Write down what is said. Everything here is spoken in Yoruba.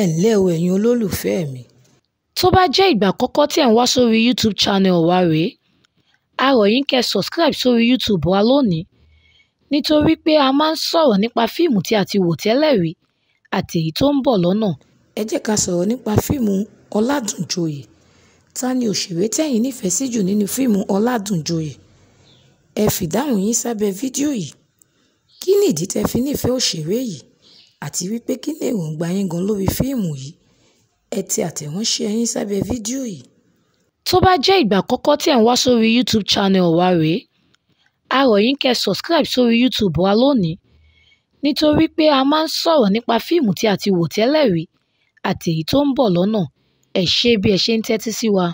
ẹ ǹlẹ́ o ẹ̀yin olólùfẹ́ mi tó bá jẹ́ ìgbà àkọ́kọ́ tí ẹ̀ ń wá sórí youtube channel wa rèé a rọ̀ yín kẹ́ subscribe sórí youtube wa lónìí nítorí pé a máa ń sọ̀rọ̀ nípa fíìmù tí a ti wò tẹ́lẹ̀ rí àti èyí tó ń bọ̀ lọ́nà. ẹ jẹ́ ká sọ̀rọ̀ nípa fíìmù ọládùnjoyè ta ni òṣèré tẹ́yìn nífẹ̀ẹ́ sí jù nínú fíìmù ọládùnjoyè ẹ fìdáhùn yín sábẹ́ fídíò yìí kí nìdí tẹ́ fi nífẹ̀ẹ́ òṣèré yìí àti wípé kí ni èròǹgbà yín gan lórí fíìmù yìí ẹ ti àtẹ̀ránṣẹ́ yín sábẹ́ fídíò yìí. tó bá jẹ́ ìgbà àkọ́kọ́ tí ẹ̀ ń wá sórí youtube channel wa rèé a rọ̀ yín kẹ́ subscribe sórí youtube wa lónìí nítorí pé a máa ń sọ̀rọ̀ nípa fíìmù tí a ti wò tẹ́lẹ̀ rí àti èyí tó ń bọ̀ lọ́nà ẹ ṣé bí ẹ ṣe ń tẹ́tí sí wa.